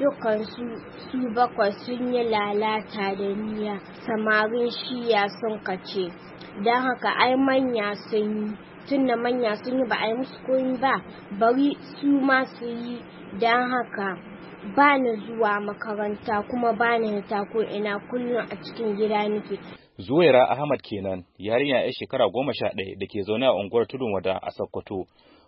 dukansu su bakwai sun yi lalata da niyya samarin shiya sun kace don haka ai manya sun yi tun manya sun yi ba a yi musu koyi ba bari su ma su yi don haka ba ni zuwa makaranta kuma ba ni ta ko ina kullum a cikin gida nake zuwaira ahmad kenan yarinya 'yar shekara goma sha ɗaya da ke zaune a unguwar tudun wada a sokoto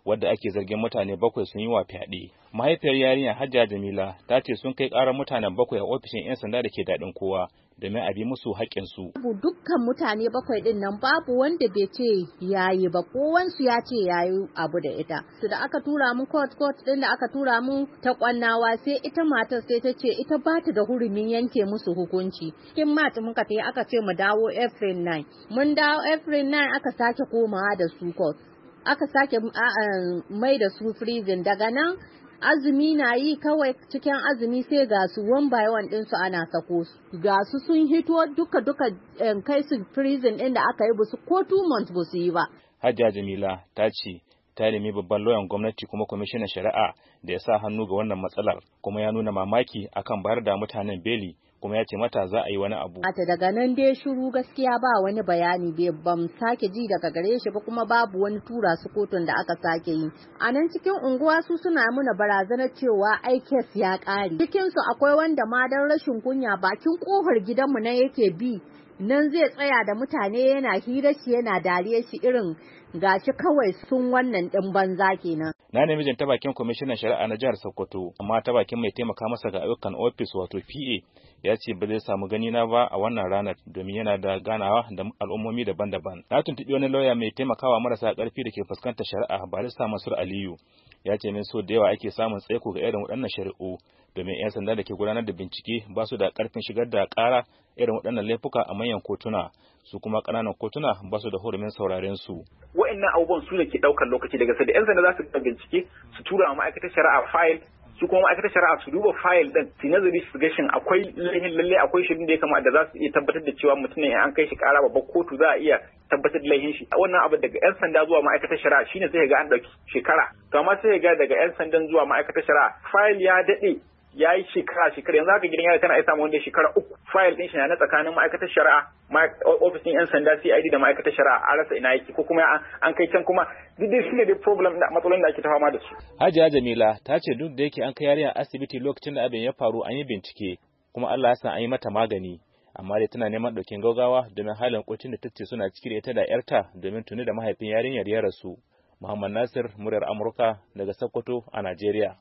wadda ake zargin mutane bakwai sun yi wa fyaɗe. Mahaifiyar yarinya Hajiya Jamila ta ce sun kai ƙarar mutanen bakwai a ofishin 'yan sanda da ke daɗin kowa domin a bi musu haƙƙinsu. Babu Dukkan mutane bakwai ɗin nan babu wanda bai ce yayi ba kowansu ya ce yayi abu da ita. Su da aka tura mu court court ɗin da aka tura mu ta ƙwannawa sai ita matar sai ta ce ita ba ta da hurumin yanke musu hukunci. Kin mat muka ta aka ce mu dawo April 9. Mun dawo April 9 aka sake komawa da su court. aka sake mai da su freezing daga nan azumi na yi kawai cikin azumi sai ga su one by one ɗinsu ana sako su ga su sun hito duka duka kai su freezing ɗin da aka yi ba su ko two months ba yi ba Hajja Jamila ta ce ta nemi babban lauyan gwamnati kuma kwamishinan shari'a da ya sa hannu ga wannan matsalar kuma ya nuna mamaki akan bayar da mutanen beli kuma ya ce mata za a yi wani abu. Ata daga nan dai shiru gaskiya ba wani bayani bai bam sake ji daga gare shi ba kuma babu wani tura su kotun da aka sake yi. A nan cikin unguwa su suna muna barazanar cewa ai kes ya ƙare. Cikinsu akwai wanda ma dan rashin kunya bakin kofar gidanmu na yake bi nan zai tsaya da mutane yana hira shi yana dariya shi irin ga shi kawai sun wannan ɗin banza kenan. Na ne mijin ta bakin kwamishinan shari'a na jihar Sokoto amma ta bakin mai taimaka masa ga ayyukan ofis wato PA ya ce ba zai samu gani na ba a wannan ranar domin yana da ganawa da al'ummomi daban-daban. Na tuntuɓi wani lauya mai taimakawa marasa ƙarfi da ke fuskantar shari'a barista Masur Aliyu ya ce min so da yawa ake samun tsaiko ga irin waɗannan shari'u domin 'yan sanda da ke gudanar da bincike ba su da karfin shigar da ƙara irin waɗannan laifuka a manyan kotuna su kuma ƙananan kotuna ba su da hurumin sauraren su. Wa'annan abubuwan su da ke ɗaukar lokaci daga sai da 'yan sanda za su bincike su tura wa ma'aikatar shari'a fayil su kuma ma'aikatar shari'a su duba fayil din su nazari su ga shin akwai lahin lalle akwai shirin da ya kamata da za su iya tabbatar da cewa mutum ne an kai shi kara babban kotu za a iya tabbatar da laihin shi wannan abu daga yan sanda zuwa ma'aikatar shari'a shine sai ga an dauki shekara to amma sai ga daga yan sandan zuwa ma'aikatar shari'a fayil ya dade ya yi shekara shekara yanzu haka gidan yari tana iya samun wanda shekara uku fayil din shi na tsakanin ma'aikatar shari'a ofishin yan sanda CID da ma'aikatar shari'a a rasa ina yake ko kuma an kai can kuma duk dai shine da problem da matsalolin da ake ta fama da su Hajiya Jamila ta ce duk da yake an kai yarinya asibiti lokacin da abin ya faru an yi bincike kuma Allah ya sa an yi mata magani amma dai tana neman ɗaukin gaugawa domin halin kucin da ta ce suna cikin da ita da yarta domin tuni da mahaifin yarinyar ya rasu Muhammad Nasir muryar Amurka daga Sokoto a Najeriya